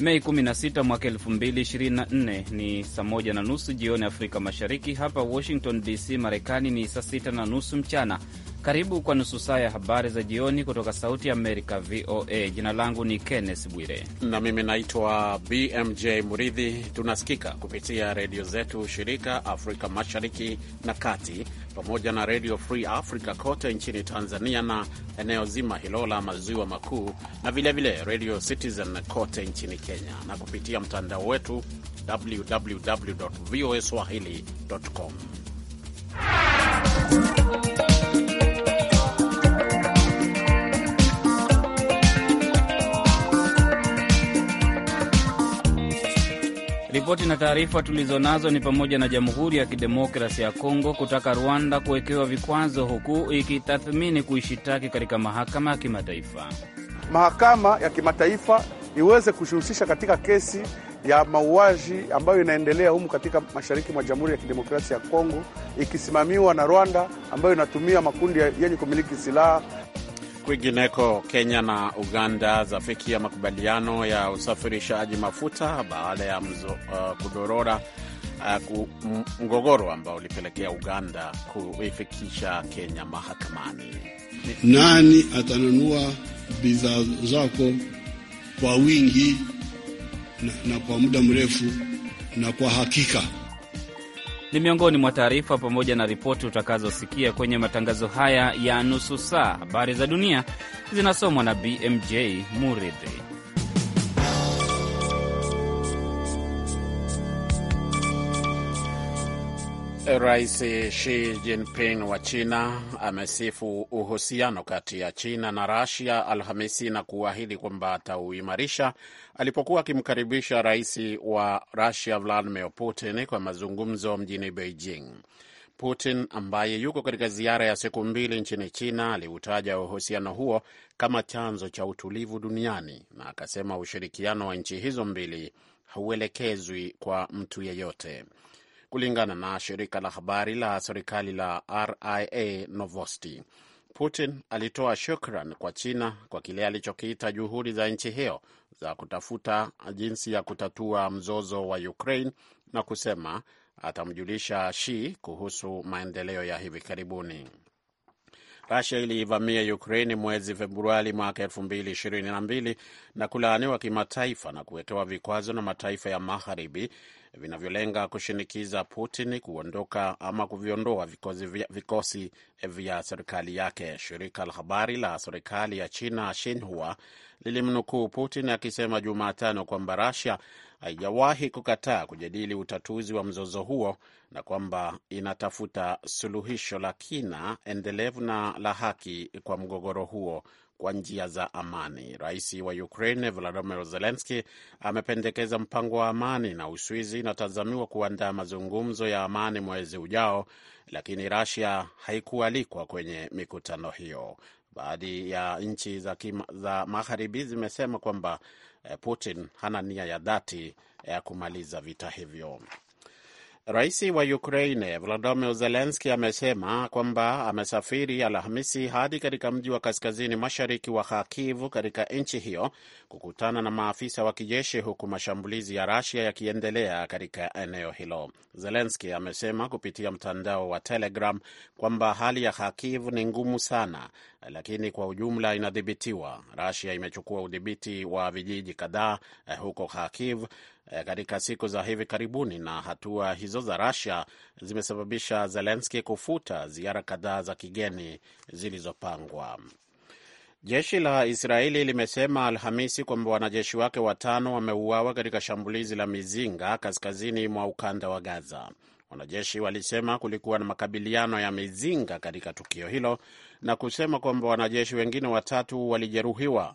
Mei 16 mwaka 2024 ni saa moja na nusu jioni Afrika Mashariki. Hapa Washington DC, Marekani ni saa sita na nusu mchana. Karibu kwa nusu saa ya habari za jioni kutoka Sauti ya Amerika, VOA. Jina langu ni Kenneth Bwire na mimi naitwa BMJ Muridhi. Tunasikika kupitia redio zetu shirika Afrika Mashariki na Kati, pamoja na Redio Free Africa kote nchini Tanzania na eneo zima hilo la Maziwa Makuu, na vilevile Redio Citizen kote nchini Kenya, na kupitia mtandao wetu www voa swahili com Ripoti na taarifa tulizonazo ni pamoja na Jamhuri ya Kidemokrasi ya Kongo kutaka Rwanda kuwekewa vikwazo huku ikitathmini kuishitaki katika mahakama ya kimataifa. Mahakama ya kimataifa iweze kujihusisha katika kesi ya mauaji ambayo inaendelea humu katika mashariki mwa Jamhuri ya Kidemokrasia ya Kongo ikisimamiwa na Rwanda ambayo inatumia makundi yenye kumiliki silaha. Kwingineko, Kenya na Uganda zafikia makubaliano ya usafirishaji mafuta baada ya mzo, uh, kudorora uh, mgogoro ambao ulipelekea Uganda kuifikisha Kenya mahakamani. Nani atanunua bidhaa zako kwa wingi na, na kwa muda mrefu na kwa hakika? ni miongoni mwa taarifa pamoja na ripoti utakazosikia kwenye matangazo haya ya nusu saa. Habari za dunia zinasomwa na BMJ Muridhi. Rais Xi Jinping wa China amesifu uhusiano kati ya China na Rasia Alhamisi na kuahidi kwamba atauimarisha alipokuwa akimkaribisha rais wa Rasia Vladimir Putin kwa mazungumzo mjini Beijing. Putin ambaye yuko katika ziara ya siku mbili nchini China aliutaja uhusiano huo kama chanzo cha utulivu duniani na akasema ushirikiano wa nchi hizo mbili hauelekezwi kwa mtu yeyote kulingana na shirika la habari la serikali la RIA Novosti. Putin alitoa shukran kwa China kwa kile alichokiita juhudi za nchi hiyo za kutafuta jinsi ya kutatua mzozo wa Ukraine na kusema atamjulisha Xi kuhusu maendeleo ya hivi karibuni. Rusia iliivamia Ukraini mwezi Februari mwaka elfu mbili ishirini na mbili na kulaaniwa kimataifa na kuwekewa vikwazo na mataifa ya magharibi vinavyolenga kushinikiza Putin kuondoka ama kuviondoa vikosi vya, vikosi vya serikali yake. Shirika la habari la serikali ya China Shinhua lilimnukuu Putin akisema Jumatano kwamba rasia haijawahi kukataa kujadili utatuzi wa mzozo huo na kwamba inatafuta suluhisho la kina, endelevu na la haki kwa mgogoro huo kwa njia za amani. Rais wa Ukraine Volodymyr Zelensky amependekeza mpango wa amani, na Uswizi inatazamiwa kuandaa mazungumzo ya amani mwezi ujao, lakini Russia haikualikwa kwenye mikutano hiyo. Baadhi ya nchi za, za magharibi zimesema kwamba Eh, Putin hana nia ya dhati ya kumaliza vita hivyo. Rais wa Ukraine Volodymyr Zelenski amesema kwamba amesafiri Alhamisi hadi katika mji wa kaskazini mashariki wa Kharkiv katika nchi hiyo kukutana na maafisa wa kijeshi, huku mashambulizi ya Rusia yakiendelea katika eneo hilo. Zelenski amesema kupitia mtandao wa Telegram kwamba hali ya Kharkiv ni ngumu sana, lakini kwa ujumla inadhibitiwa. Rusia imechukua udhibiti wa vijiji kadhaa eh, huko Kharkiv E, katika siku za hivi karibuni, na hatua hizo za Russia zimesababisha Zelensky kufuta ziara kadhaa za kigeni zilizopangwa. Jeshi la Israeli limesema Alhamisi kwamba wanajeshi wake watano wameuawa katika shambulizi la mizinga kaskazini mwa ukanda wa Gaza. Wanajeshi walisema kulikuwa na makabiliano ya mizinga katika tukio hilo na kusema kwamba wanajeshi wengine watatu walijeruhiwa.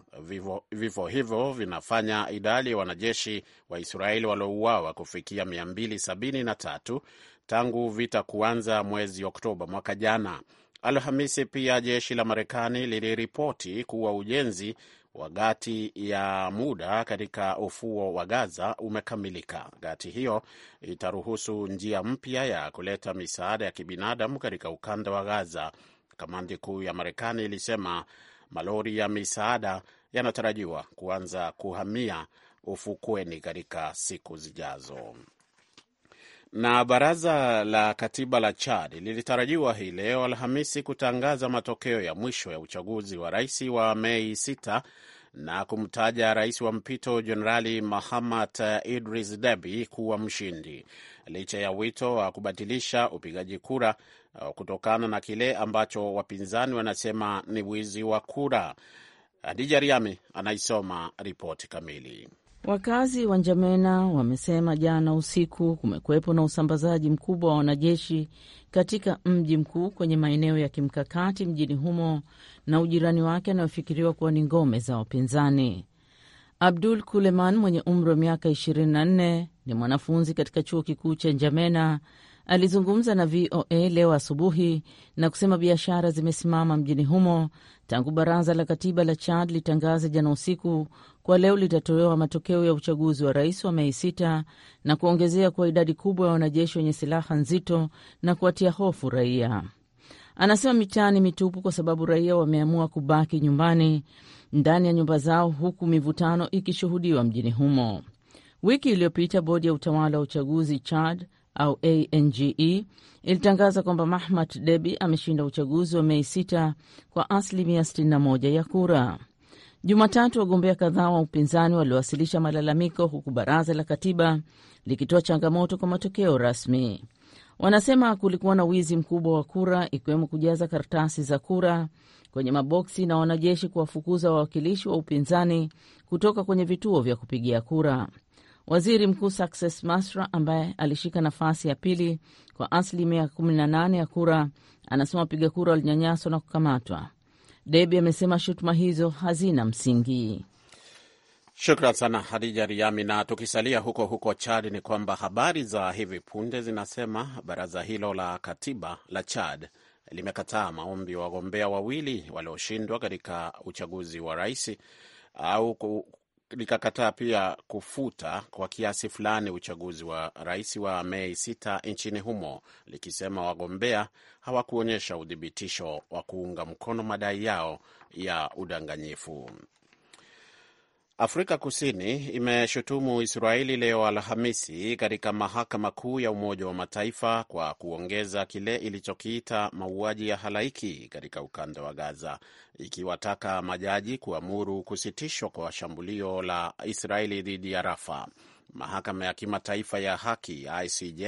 Vifo hivyo vinafanya idadi ya wanajeshi wa Israeli waliouawa kufikia 273 tangu vita kuanza mwezi Oktoba mwaka jana. Alhamisi pia jeshi la Marekani liliripoti kuwa ujenzi wa gati ya muda katika ufuo wa Gaza umekamilika. Gati hiyo itaruhusu njia mpya ya kuleta misaada ya kibinadamu katika ukanda wa Gaza Kamandi kuu ya Marekani ilisema malori ya misaada yanatarajiwa kuanza kuhamia ufukweni katika siku zijazo. Na baraza la katiba la Chad lilitarajiwa hii leo Alhamisi kutangaza matokeo ya mwisho ya uchaguzi wa rais wa Mei 6 na kumtaja rais wa mpito Jenerali Mahamat Idris Debi kuwa mshindi licha ya wito wa kubatilisha upigaji kura Uh, kutokana na kile ambacho wapinzani wanasema ni wizi wa kura. Adija Riami anaisoma ripoti kamili. Wakazi wa Njamena wamesema jana usiku kumekuwepo na usambazaji mkubwa wa wanajeshi katika mji mkuu kwenye maeneo ya kimkakati mjini humo na ujirani wake anayofikiriwa kuwa ni ngome za wapinzani. Abdul Kuleman mwenye umri wa miaka 24 ni mwanafunzi katika chuo kikuu cha Njamena Alizungumza na VOA leo asubuhi na kusema biashara zimesimama mjini humo tangu baraza la katiba la Chad litangaze jana usiku kwa leo litatolewa matokeo ya uchaguzi wa rais wa Mei sita, na kuongezea kuwa idadi kubwa ya wanajeshi wenye silaha nzito na kuwatia hofu raia. Anasema ni mitupu kwa sababu raia wameamua kubaki nyumbani ndani ya nyumba zao, huku mivutano ikishuhudiwa mjini humo. Wiki iliyopita bodi ya utawala wa uchaguzi Chad au ange ilitangaza kwamba Mahmat Debi ameshinda uchaguzi wa Mei 6 kwa asilimia 61 ya kura. Jumatatu, wagombea kadhaa wa upinzani waliowasilisha malalamiko, huku baraza la katiba likitoa changamoto kwa matokeo rasmi. Wanasema kulikuwa na wizi mkubwa wa kura, ikiwemo kujaza karatasi za kura kwenye maboksi na wanajeshi kuwafukuza wawakilishi wa upinzani kutoka kwenye vituo vya kupigia kura. Waziri Mkuu Success Masra ambaye alishika nafasi ya pili kwa asilimia 18 ya kura anasema wapiga kura walinyanyaswa na kukamatwa. Debi amesema shutuma hizo hazina msingi. Shukran sana Hadija Riami. Na tukisalia huko huko Chad, ni kwamba habari za hivi punde zinasema baraza hilo la katiba la Chad limekataa maombi wagombea wawili walioshindwa katika uchaguzi wa rais au likakataa pia kufuta kwa kiasi fulani uchaguzi wa rais wa Mei sita nchini humo likisema wagombea hawakuonyesha uthibitisho wa kuunga mkono madai yao ya udanganyifu. Afrika Kusini imeshutumu Israeli leo Alhamisi katika mahakama kuu ya Umoja wa Mataifa kwa kuongeza kile ilichokiita mauaji ya halaiki katika ukanda wa Gaza, ikiwataka majaji kuamuru kusitishwa kwa shambulio la Israeli dhidi ya Rafa. Mahakama ya Kimataifa ya Haki ICJ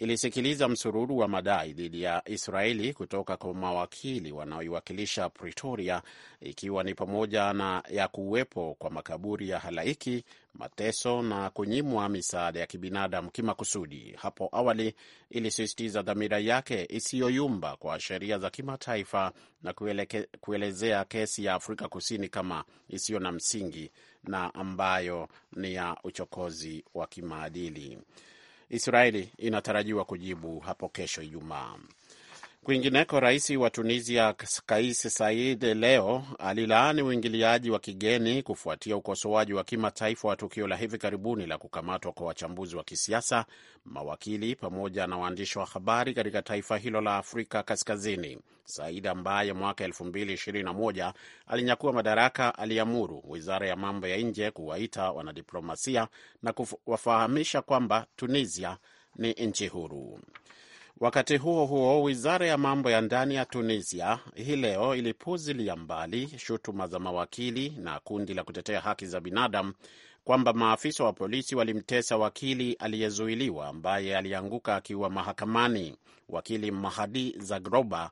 ilisikiliza msururu wa madai dhidi ya Israeli kutoka kwa mawakili wanaoiwakilisha Pretoria, ikiwa ni pamoja na ya kuwepo kwa makaburi ya halaiki, mateso na kunyimwa misaada ya kibinadamu kimakusudi. Hapo awali ilisisitiza dhamira yake isiyoyumba kwa sheria za kimataifa na kueleke, kuelezea kesi ya Afrika Kusini kama isiyo na msingi na ambayo ni ya uchokozi wa kimaadili. Israeli inatarajiwa kujibu hapo kesho Ijumaa. Kwingineko, rais wa Tunisia Kais said leo alilaani uingiliaji wa kigeni kufuatia ukosoaji wa kimataifa wa tukio la hivi karibuni la kukamatwa kwa wachambuzi wa kisiasa, mawakili pamoja na waandishi wa habari katika taifa hilo la Afrika Kaskazini. Said ambaye mwaka 2021 alinyakua madaraka, aliamuru wizara ya mambo ya nje kuwaita wanadiplomasia na kuwafahamisha kwamba Tunisia ni nchi huru. Wakati huo huo, wizara ya mambo ya ndani ya Tunisia hii leo ilipuzilia mbali shutuma za mawakili na kundi la kutetea haki za binadamu kwamba maafisa wa polisi walimtesa wakili aliyezuiliwa ambaye alianguka akiwa mahakamani. Wakili Mahadi Zagroba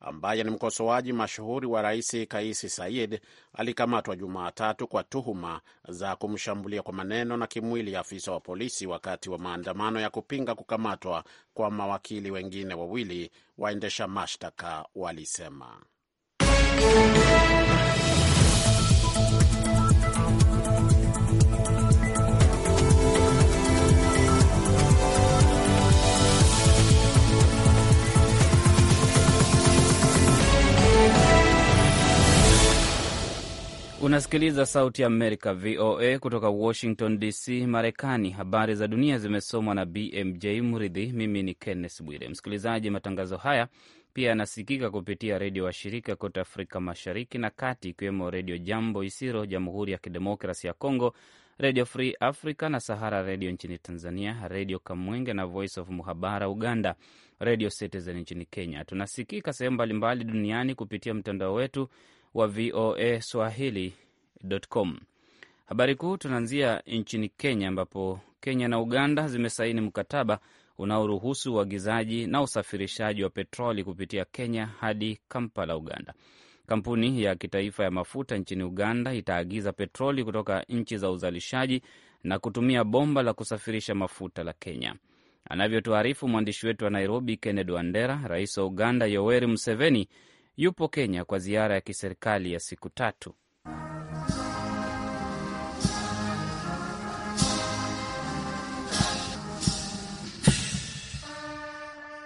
ambaye ni mkosoaji mashuhuri wa rais Kaisi Said alikamatwa Jumatatu kwa tuhuma za kumshambulia kwa maneno na kimwili afisa wa polisi wakati wa maandamano ya kupinga kukamatwa kwa mawakili wengine wawili, waendesha mashtaka walisema. Unasikiliza Sauti ya Amerika, VOA, kutoka Washington DC, Marekani. Habari za dunia zimesomwa na BMJ Mridhi. Mimi ni Kenneth Bwire. Msikilizaji, matangazo haya pia yanasikika kupitia redio washirika kote Afrika Mashariki na Kati, ikiwemo Redio Jambo Isiro, Jamhuri ya Kidemokrasi ya congo Redio Free Africa na Sahara Redio nchini Tanzania, Redio Kamwenge na Voice of Muhabara Uganda, Redio Citizen nchini Kenya. Tunasikika sehemu mbalimbali duniani kupitia mtandao wetu wa VOA Swahili.com. Habari kuu tunaanzia nchini Kenya, ambapo Kenya na Uganda zimesaini mkataba unaoruhusu uagizaji na usafirishaji wa petroli kupitia Kenya hadi Kampala, Uganda. Kampuni ya kitaifa ya mafuta nchini Uganda itaagiza petroli kutoka nchi za uzalishaji na kutumia bomba la kusafirisha mafuta la Kenya. Anavyotuarifu mwandishi wetu wa Nairobi, Kennedy Wandera, rais wa Uganda Yoweri Museveni yupo Kenya kwa ziara ya kiserikali ya siku tatu.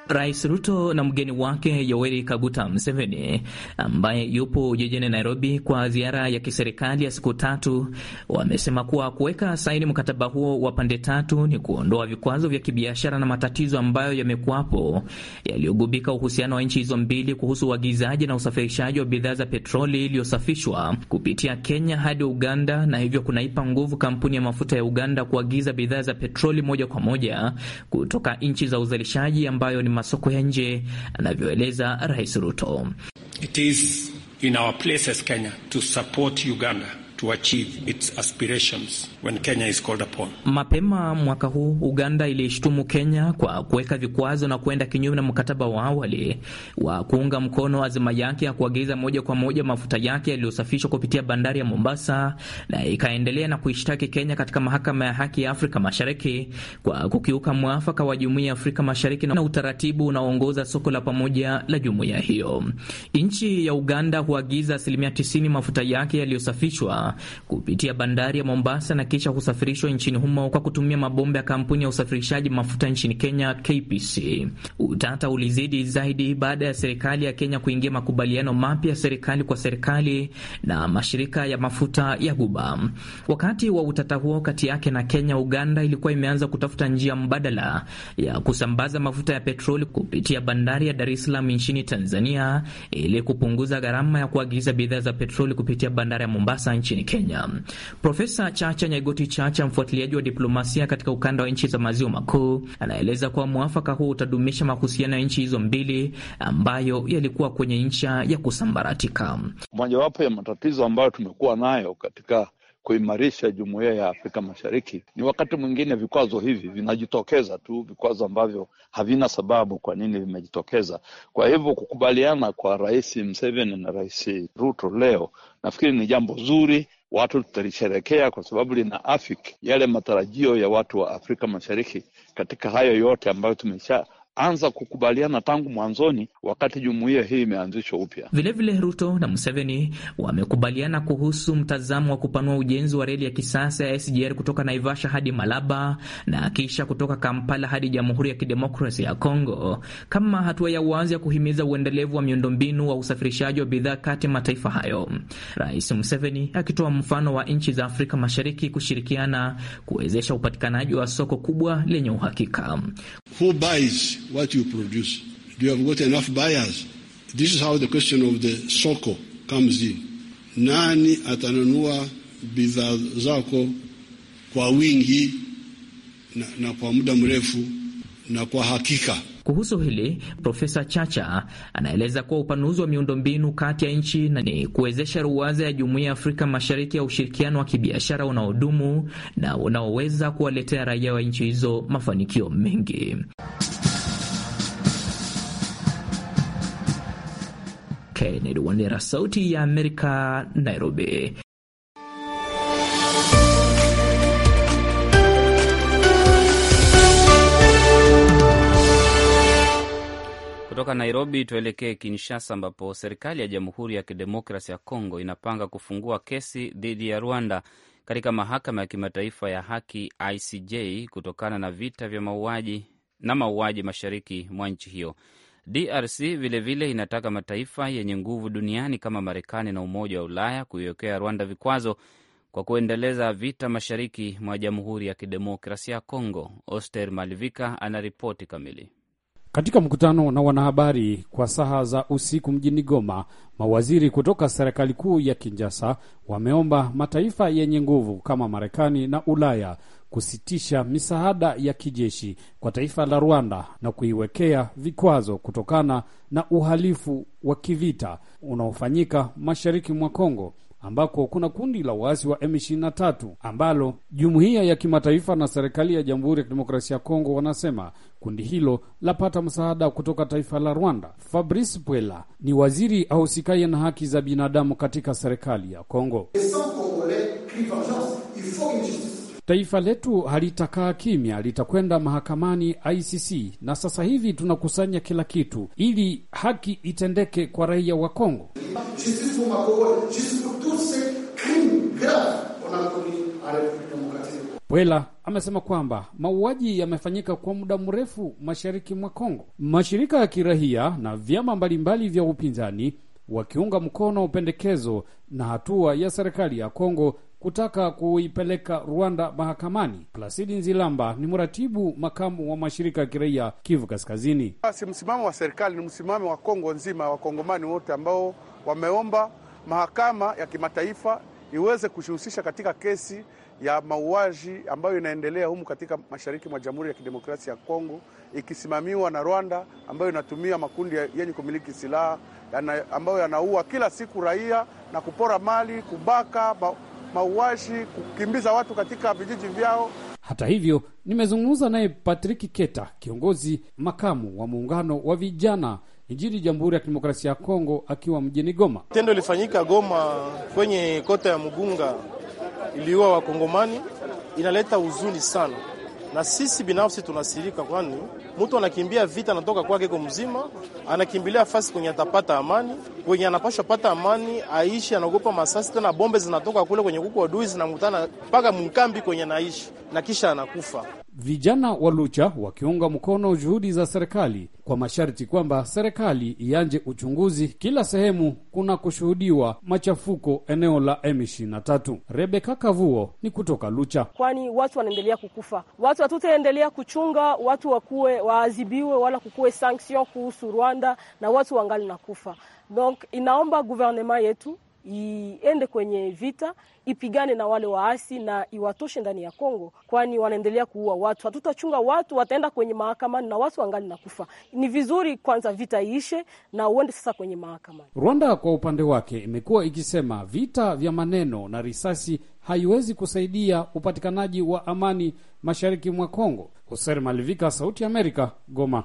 Rais Ruto na mgeni wake Yoweri Kaguta Museveni ambaye yupo jijini Nairobi kwa ziara ya kiserikali ya siku tatu wamesema kuwa kuweka saini mkataba huo wa pande tatu ni kuondoa vikwazo vya kibiashara na matatizo ambayo yamekuwapo yaliyogubika uhusiano wa nchi hizo mbili kuhusu uagizaji na usafirishaji wa bidhaa za petroli iliyosafishwa kupitia Kenya hadi Uganda na hivyo kunaipa nguvu kampuni ya mafuta ya Uganda kuagiza bidhaa za petroli moja kwa moja kutoka nchi za uzalishaji ambayo ni masoko ya nje, anavyoeleza Rais Ruto. It is in our places Kenya to support Uganda to achieve its aspirations when Kenya is called upon. Mapema mwaka huu Uganda ilishtumu Kenya kwa kuweka vikwazo na kuenda kinyume na mkataba wa awali wa kuunga mkono azima yake ya kuagiza moja kwa moja mafuta yake yaliyosafishwa kupitia bandari ya Mombasa, na ikaendelea na kuishtaki Kenya katika mahakama ya haki ya Afrika Mashariki kwa kukiuka mwafaka wa Jumuiya ya Afrika Mashariki na utaratibu unaoongoza soko la pamoja la jumuiya hiyo. Nchi ya Uganda huagiza asilimia 90 mafuta yake yaliyosafishwa kupitia bandari ya Mombasa na kisha kusafirishwa nchini humo kwa kutumia mabomba ya kampuni ya usafirishaji mafuta nchini Kenya KPC. Utata ulizidi zaidi baada ya serikali ya Kenya kuingia makubaliano mapya ya serikali kwa serikali na mashirika ya mafuta ya Guba. Wakati wa utata huo kati yake na Kenya, Uganda ilikuwa imeanza kutafuta njia mbadala ya kusambaza mafuta ya petroli kupitia bandari ya Dar es Salaam nchini Tanzania ili kupunguza gharama ya kuagiza bidhaa za petroli kupitia bandari ya Mombasa nchini nchini Kenya. Profesa Chacha nyaigoti Chacha, mfuatiliaji wa diplomasia katika ukanda wa nchi za maziwa makuu, anaeleza kuwa mwafaka huu utadumisha mahusiano ya nchi hizo mbili ambayo yalikuwa kwenye ncha ya kusambaratika. Mojawapo ya matatizo ambayo tumekuwa nayo katika kuimarisha jumuiya ya Afrika Mashariki ni wakati mwingine vikwazo hivi vinajitokeza tu, vikwazo ambavyo havina sababu kwa nini vimejitokeza. Kwa hivyo kukubaliana kwa Rais Museveni na Rais Ruto leo Nafikiri ni jambo zuri, watu tutalisherekea kwa sababu lina afik yale matarajio ya watu wa Afrika Mashariki katika hayo yote ambayo tumesha anza kukubaliana tangu mwanzoni, wakati jumuiya hii imeanzishwa upya. Vilevile, Ruto na Museveni wamekubaliana kuhusu mtazamo wa kupanua ujenzi wa reli ya kisasa ya SGR kutoka Naivasha hadi Malaba na kisha kutoka Kampala hadi Jamhuri ya Kidemokrasia ya Kongo, kama hatua ya wazi ya kuhimiza uendelevu wa miundombinu wa usafirishaji wa bidhaa kati ya mataifa hayo. Rais Museveni akitoa mfano wa nchi za Afrika Mashariki kushirikiana kuwezesha upatikanaji wa soko kubwa lenye uhakika. Who buys what you produce? Do you have got enough buyers? This is how the question of the soko comes in. Nani atanunua bidhaa zako kwa wingi na, na kwa muda mrefu na kwa hakika? Kuhusu hili Profesa Chacha anaeleza kuwa upanuzi wa miundombinu kati ya nchi ni kuwezesha ruwaza ya Jumuiya ya Afrika Mashariki ya ushirikiano wa kibiashara unaodumu na unaoweza kuwaletea raia wa nchi hizo mafanikio mengi. Kennedy Wandera, Sauti ya Amerika, Nairobi. Kutoka Nairobi tuelekee Kinshasa, ambapo serikali ya Jamhuri ya Kidemokrasi ya Kongo inapanga kufungua kesi dhidi ya Rwanda katika mahakama ya kimataifa ya haki ICJ kutokana na vita vya mauaji na mauaji mashariki mwa nchi hiyo. DRC vilevile vile inataka mataifa yenye nguvu duniani kama Marekani na Umoja wa Ulaya kuiwekea Rwanda vikwazo kwa kuendeleza vita mashariki mwa Jamhuri ya Kidemokrasia ya Kongo. Oster Malivika anaripoti kamili. Katika mkutano na wanahabari kwa saha za usiku mjini Goma, mawaziri kutoka serikali kuu ya kinjasa wameomba mataifa yenye nguvu kama Marekani na Ulaya kusitisha misaada ya kijeshi kwa taifa la Rwanda na kuiwekea vikwazo kutokana na uhalifu wa kivita unaofanyika mashariki mwa Kongo ambako kuna kundi la waasi wa M23 ambalo jumuiya ya kimataifa na serikali ya Jamhuri ya Kidemokrasia ya Kongo wanasema kundi hilo lapata msaada kutoka taifa la Rwanda. Fabrice Pwela ni waziri ahusikaye na haki za binadamu katika serikali ya Kongo. Taifa letu halitakaa kimya, litakwenda mahakamani ICC, na sasa hivi tunakusanya kila kitu ili haki itendeke kwa raia wa Kongo. Wela amesema kwamba mauaji yamefanyika kwa muda mrefu mashariki mwa Kongo. Mashirika ya kirahia na vyama mbalimbali vya upinzani wakiunga mkono pendekezo na hatua ya serikali ya Kongo kutaka kuipeleka Rwanda mahakamani. Plasidi Nzilamba ni mratibu makamu wa mashirika ya kiraia Kivu Kaskazini. Basi msimamo wa serikali ni msimamo wa Kongo nzima, wakongomani wote ambao wameomba mahakama ya kimataifa iweze kujihusisha katika kesi ya mauaji ambayo inaendelea humu katika mashariki mwa Jamhuri ya Kidemokrasia ya Kongo ikisimamiwa na Rwanda ambayo inatumia makundi yenye kumiliki silaha ambayo yanaua kila siku raia na kupora mali, kubaka mauashi, kukimbiza watu katika vijiji vyao. Hata hivyo, nimezungumza naye Patrick Keta, kiongozi makamu wa muungano wa vijana nchini Jamhuri ya Kidemokrasia ya Kongo, akiwa mjini Goma. Tendo ilifanyika Goma kwenye kota ya Mugunga, iliua Wakongomani, inaleta huzuni sana na sisi binafsi tunasirika, kwani mtu anakimbia vita, anatoka kwake ko mzima, anakimbilia fasi kwenye atapata amani, kwenye anapashwa pata amani aishi, anaogopa masasi, tena bombe zinatoka kule kwenye kuku wadui zinamutana mpaka mkambi kwenye naishi na kisha anakufa vijana wa Lucha wakiunga mkono juhudi za serikali kwa masharti kwamba serikali ianje uchunguzi kila sehemu kuna kushuhudiwa machafuko eneo la M23. Rebeka Kavuo ni kutoka Lucha. Kwani watu wanaendelea kukufa, watu hatutaendelea kuchunga watu wakuwe waadhibiwe, wala kukuwe sanction kuhusu Rwanda na watu wangali na kufa donc inaomba guvernema yetu iende kwenye vita ipigane na wale waasi na iwatoshe ndani ya Kongo, kwani wanaendelea kuua watu. Hatutachunga watu, wataenda kwenye mahakamani na watu wangali na kufa. Ni vizuri kwanza vita iishe na uende sasa kwenye mahakamani. Rwanda kwa upande wake imekuwa ikisema vita vya maneno na risasi haiwezi kusaidia upatikanaji wa amani mashariki mwa Kongo. Hoser Malivika, Sauti ya Amerika, Goma.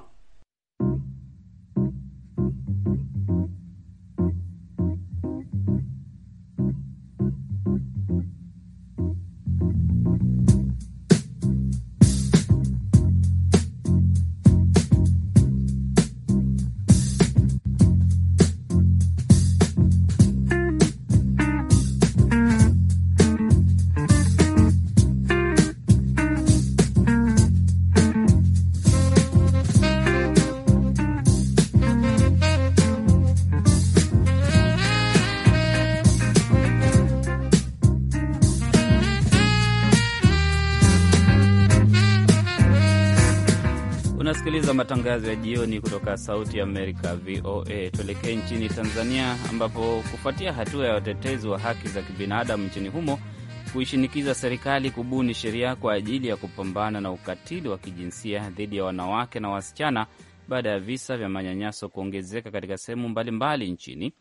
matangazo ya jioni kutoka Sauti ya Amerika, VOA. Tuelekee nchini Tanzania, ambapo kufuatia hatua ya watetezi wa haki za kibinadamu nchini humo kuishinikiza serikali kubuni sheria kwa ajili ya kupambana na ukatili wa kijinsia dhidi ya wanawake na wasichana baada ya visa vya manyanyaso kuongezeka katika sehemu mbalimbali nchini.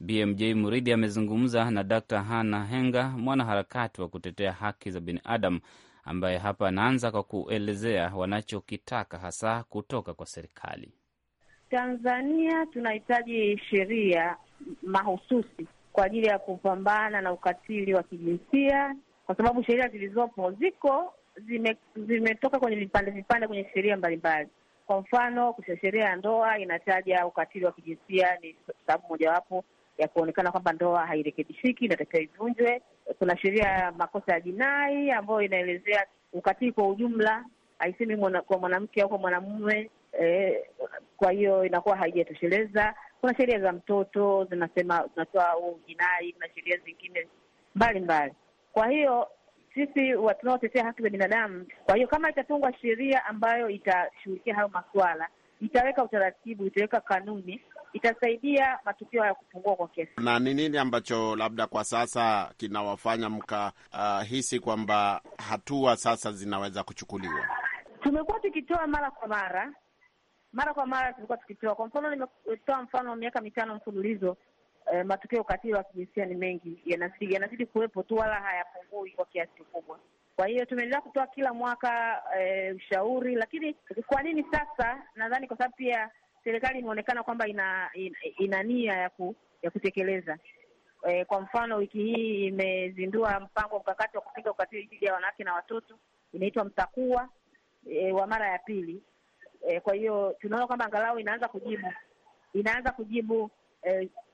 BMJ Muridhi amezungumza na Dr Hana Henga, mwanaharakati wa kutetea haki za binadamu ambaye hapa anaanza kwa kuelezea wanachokitaka hasa kutoka kwa serikali. Tanzania tunahitaji sheria mahususi kwa ajili ya kupambana na ukatili wa kijinsia, kwa sababu sheria zilizopo ziko zime, zimetoka kwenye vipande vipande kwenye sheria mbalimbali. Kwa mfano, sheria ya ndoa inataja ukatili wa kijinsia ni sababu mojawapo ya kuonekana kwamba ndoa hairekebishiki, inatakiwa ivunjwe. Kuna sheria ya makosa ya jinai ambayo inaelezea ukatili kwa ujumla, haisemi mwana, kwa mwanamke au kwa mwanamume e, kwa hiyo inakuwa haijatosheleza. Kuna sheria za mtoto zinasema zinatoa jinai, kuna sheria zingine mbalimbali. Kwa hiyo sisi tunaotetea haki za binadamu, kwa hiyo kama itatungwa sheria ambayo itashughulikia hayo maswala itaweka utaratibu, itaweka kanuni itasaidia matukio ya kupungua kwa kiasi. Na ni nini ambacho labda kwa sasa kinawafanya mkahisi ah, uh, kwamba hatua sasa zinaweza kuchukuliwa? Tumekuwa tukitoa mara kwa mara mara kwa mara tumekuwa tukitoa. Kwa mfano, nimetoa mfano miaka mitano mfululizo e, matukio ya ukatili wa kijinsia ni mengi, yanazidi yanazidi kuwepo tu, wala hayapungui kwa kiasi kikubwa. Kwa hiyo tumeendelea kutoa kila mwaka e, ushauri. Lakini kwa nini sasa? Nadhani kwa sababu pia serikali imeonekana kwamba ina, ina, ina nia ya, ku, ya kutekeleza e, kwa mfano wiki hii imezindua mpango mkakati wa kupinga ukatili dhidi ya wanawake na watoto inaitwa mtakua e, wa mara ya pili e, kwa hiyo tunaona kwamba angalau inaanza kujibu inaanza kujibu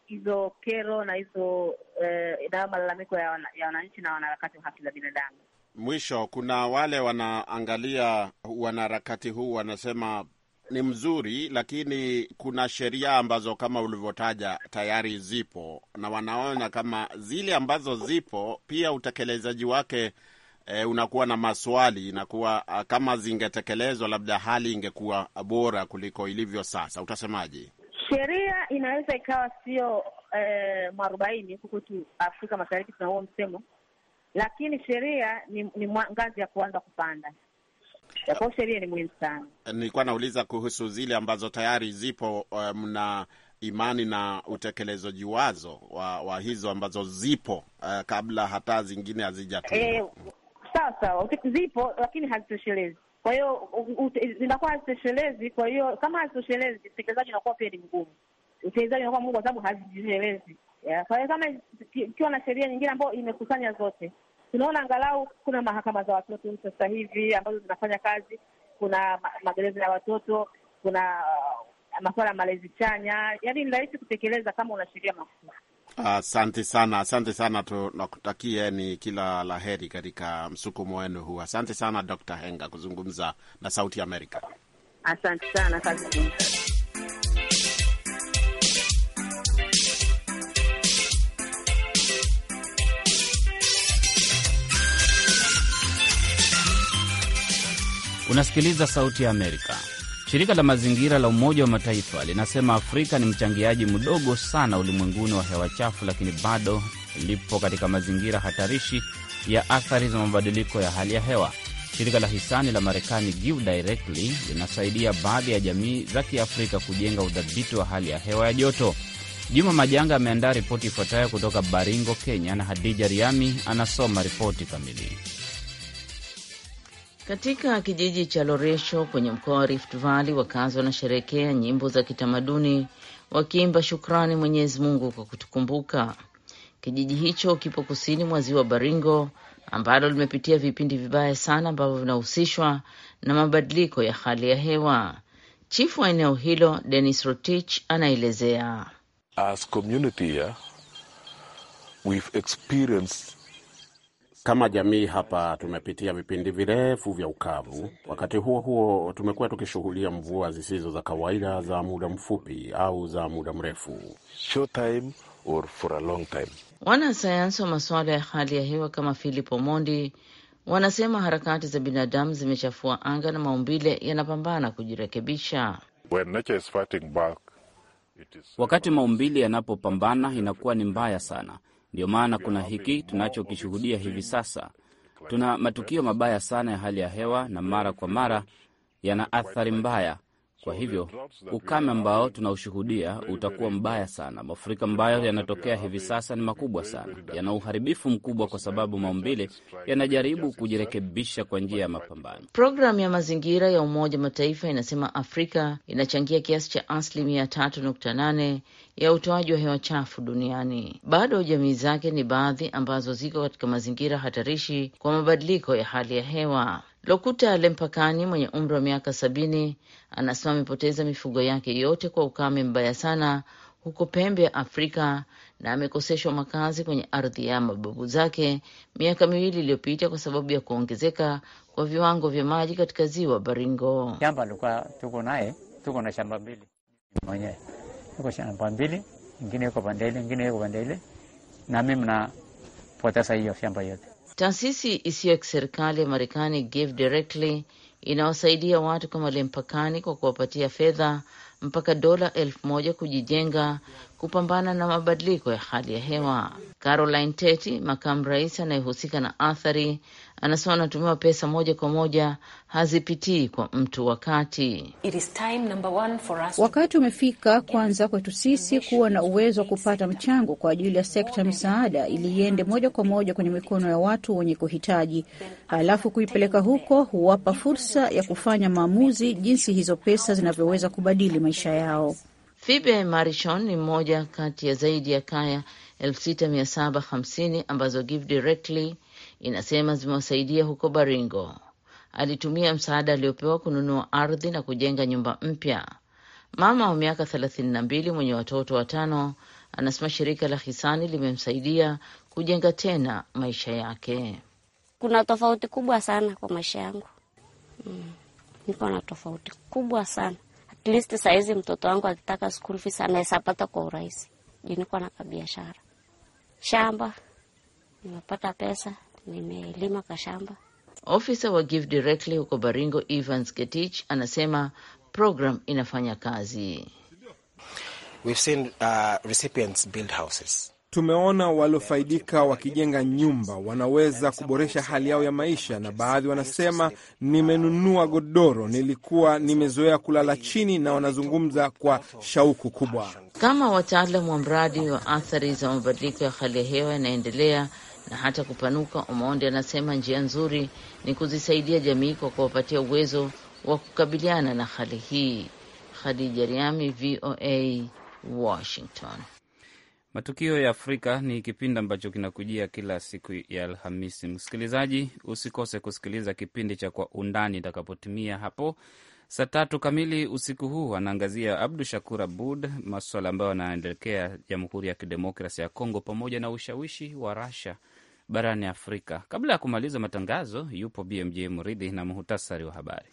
hizo e, kero na hizo e, nayo malalamiko ya, wana, ya wananchi na wanaharakati wa haki za binadamu. Mwisho, kuna wale wanaangalia wanaharakati huu wanasema ni mzuri, lakini kuna sheria ambazo kama ulivyotaja tayari zipo na wanaona kama zile ambazo zipo pia utekelezaji wake E, unakuwa na maswali, inakuwa ah, kama zingetekelezwa labda hali ingekuwa bora kuliko ilivyo sasa. Utasemaje? Sheria inaweza ikawa sio e, eh, mwarobaini huku kwetu Afrika Mashariki tuna huo msemo, lakini sheria ni, ni ngazi ya kuanza kupanda. Kwa hiyo sheria ni muhimu sana. Nilikuwa nauliza kuhusu zile ambazo tayari zipo, mna um, imani na utekelezaji wazo wa, wa hizo ambazo zipo uh, kabla hata zingine hazijatungwa. E, eh, sawa sawa, zipo lakini hazitoshelezi kwa hiyo zinakuwa hazitoshelezi. Kwa hiyo kama hazitoshelezi, utekelezaji unakuwa pia ni mgumu, utekelezaji unakuwa mgumu kwa sababu hazitoshelezi. Kwa hiyo kama ikiwa na sheria nyingine ambayo imekusanya zote, tunaona angalau kuna mahakama za watoto sasa hivi ambazo zinafanya kazi, kuna magereza ya watoto, kuna uh, masuala ya malezi chanya, yaani ni rahisi kutekeleza kama una sheria mafuta. Asante uh, sana, asante sana. Tunakutakia ni kila la heri katika msukumo wenu huu. Asante sana Dr. Henga kuzungumza na Sauti Amerika. Asante sana kazi Unasikiliza Sauti ya Amerika. Shirika la mazingira la Umoja wa Mataifa linasema Afrika ni mchangiaji mdogo sana ulimwenguni wa hewa chafu, lakini bado lipo katika mazingira hatarishi ya athari za mabadiliko ya hali ya hewa. Shirika la hisani la Marekani Give Directly linasaidia baadhi ya jamii za Kiafrika kujenga udhibiti wa hali ya hewa ya joto. Juma Majanga ameandaa ripoti ifuatayo kutoka Baringo, Kenya, na Hadija Riami anasoma ripoti kamili. Katika kijiji cha Loresho kwenye mkoa wa Rift Valley, wakazi wanasherehekea nyimbo za kitamaduni wakiimba shukrani Mwenyezi Mungu kwa kutukumbuka. Kijiji hicho kipo kusini mwa ziwa Baringo ambalo limepitia vipindi vibaya sana ambavyo vinahusishwa na mabadiliko ya hali ya hewa. Chifu wa eneo hilo denis Rotich anaelezea. As community here, we've experienced kama jamii hapa tumepitia vipindi virefu vya ukavu. Wakati huo huo, tumekuwa tukishuhudia mvua zisizo za kawaida za muda mfupi au za muda mrefu. Wanasayansi wa masuala ya hali ya hewa kama Filipo Mondi wanasema harakati za binadamu zimechafua anga na maumbile yanapambana kujirekebisha. wakati maumbile yanapopambana inakuwa ni mbaya sana ndio maana kuna hiki tunachokishuhudia hivi sasa. Tuna matukio mabaya sana ya hali ya hewa, na mara kwa mara yana athari mbaya kwa hivyo ukame ambao tunaushuhudia utakuwa mbaya sana. Mafuriko ambayo yanatokea hivi sasa ni makubwa sana, yana uharibifu mkubwa, kwa sababu maumbile yanajaribu kujirekebisha kwa njia ya mapambano. Programu ya mazingira ya Umoja Mataifa inasema Afrika inachangia kiasi cha asilimia tatu nukta nane ya utoaji wa hewa chafu duniani. Bado jamii zake ni baadhi ambazo ziko katika mazingira hatarishi kwa mabadiliko ya hali ya hewa. Lokuta Lempakani mwenye umri wa miaka sabini anasema amepoteza mifugo yake yote kwa ukame mbaya sana huko pembe ya Afrika na amekoseshwa makazi kwenye ardhi ya mababu zake miaka miwili iliyopita kwa sababu ya kuongezeka kwa viwango vya maji katika ziwa Baringo. Shamba alikuwa tuko naye, tuko na shamba mbili mwenyewe, tuko shamba mbili, ingine iko ingine iko na mimi napoteza hiyo shamba yote. Taasisi isiyo ya kiserikali ya Marekani Give Directly inawasaidia watu kama mpakani kwa kuwapatia fedha mpaka dola elfu moja kujijenga, kupambana na mabadiliko ya hali ya hewa. Caroline Teti, makamu rais anayehusika na athari anasema anatumiwa pesa moja kwa moja hazipitii kwa mtu. Wakati wakati umefika kwanza kwetu sisi kuwa na uwezo wa kupata mchango kwa ajili ya sekta misaada ili iende moja kwa moja kwenye mikono ya watu wenye kuhitaji, halafu kuipeleka huko huwapa fursa ya kufanya maamuzi jinsi hizo pesa zinavyoweza kubadili maisha yao. Fibe Marichon ni mmoja kati ya zaidi ya kaya 6750 ambazo Give Directly inasema zimewasaidia huko Baringo. Alitumia msaada aliopewa kununua ardhi na kujenga nyumba mpya. Mama wa miaka thelathini na mbili mwenye watoto watano anasema shirika la hisani limemsaidia kujenga tena maisha yake. Kuna tofauti kubwa sana kwa maisha yangu. Mm, niko na tofauti kubwa sana at least sahizi mtoto wangu akitaka school fees kwa urahisi juu niko na kabiashara shamba, nimepata pesa nimelima kashamba. Ofisa wa Give Directly huko Baringo, Evans Getich, anasema program inafanya kazi. We've seen, uh, recipients build houses. Tumeona waliofaidika wakijenga nyumba, wanaweza kuboresha hali yao ya maisha, na baadhi wanasema nimenunua godoro, nilikuwa nimezoea kulala chini, na wanazungumza kwa shauku kubwa. Kama wataalamu wa mradi wa athari za mabadiliko ya hali ya hewa yanaendelea na hata kupanuka. Omondi anasema njia nzuri ni kuzisaidia jamii kwa kuwapatia uwezo wa kukabiliana na hali hii. Khadija Riami, VOA, Washington. Matukio ya Afrika ni kipindi ambacho kinakujia kila siku ya Alhamisi. Msikilizaji, usikose kusikiliza kipindi cha Kwa Undani itakapotimia hapo saa tatu kamili usiku huu. Anaangazia Abdu Shakur Abud maswala ambayo anaelekea Jamhuri ya Kidemokrasi ya Kongo pamoja na ushawishi wa Rasha barani Afrika. Kabla ya kumaliza matangazo, yupo BMJ Muridhi na muhutasari wa habari.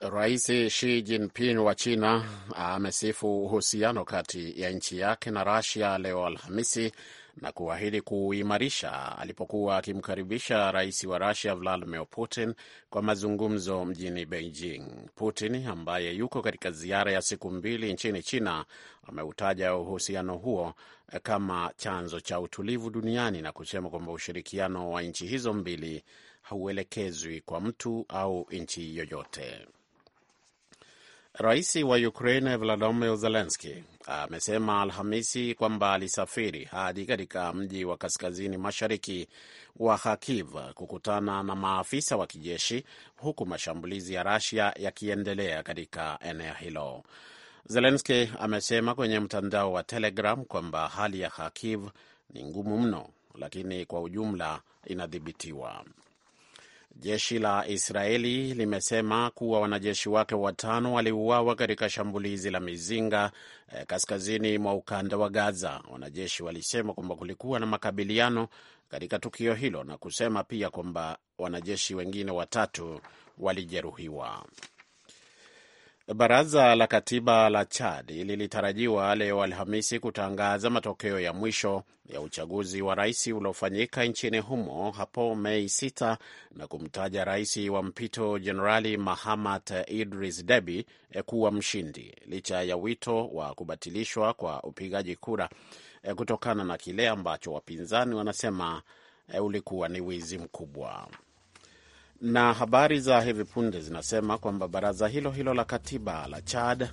Rais Xi Jinping wa China amesifu uhusiano kati ya nchi yake na rasia leo Alhamisi na kuahidi kuuimarisha alipokuwa akimkaribisha rais wa Rusia Vladimir Putin kwa mazungumzo mjini Beijing. Putin ambaye yuko katika ziara ya siku mbili nchini China ameutaja uhusiano huo kama chanzo cha utulivu duniani na kusema kwamba ushirikiano wa nchi hizo mbili hauelekezwi kwa mtu au nchi yoyote. Rais wa Ukraine vladimir zelenski amesema Alhamisi kwamba alisafiri hadi katika mji wa kaskazini mashariki wa Kharkiv kukutana na maafisa wa kijeshi, huku mashambulizi ya Russia yakiendelea katika eneo hilo. zelenski amesema kwenye mtandao wa Telegram kwamba hali ya Kharkiv ni ngumu mno, lakini kwa ujumla inadhibitiwa. Jeshi la Israeli limesema kuwa wanajeshi wake watano waliuawa katika shambulizi la mizinga eh, kaskazini mwa ukanda wa Gaza. Wanajeshi walisema kwamba kulikuwa na makabiliano katika tukio hilo na kusema pia kwamba wanajeshi wengine watatu walijeruhiwa. Baraza la Katiba la Chad lilitarajiwa leo Alhamisi kutangaza matokeo ya mwisho ya uchaguzi wa rais uliofanyika nchini humo hapo Mei 6 na kumtaja rais wa mpito Jenerali Mahamat Idris Deby eh, kuwa mshindi licha ya wito wa kubatilishwa kwa upigaji kura eh, kutokana na kile ambacho wapinzani wanasema eh, ulikuwa ni wizi mkubwa. Na habari za hivi punde zinasema kwamba baraza hilo hilo la katiba la Chad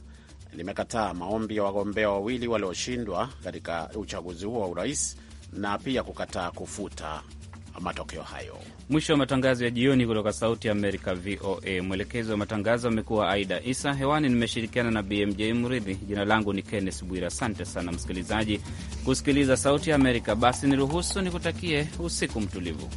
limekataa maombi ya wagombea wawili walioshindwa katika uchaguzi huo wa urais na pia kukataa kufuta matokeo hayo. Mwisho wa matangazo ya jioni kutoka Sauti ya Amerika, VOA. Mwelekezi wa matangazo amekuwa Aida Isa. Hewani nimeshirikiana na BMJ Mridhi. Jina langu ni Kenneth Bwira. Asante sana msikilizaji kusikiliza Sauti ya Amerika. Basi niruhusu nikutakie usiku mtulivu.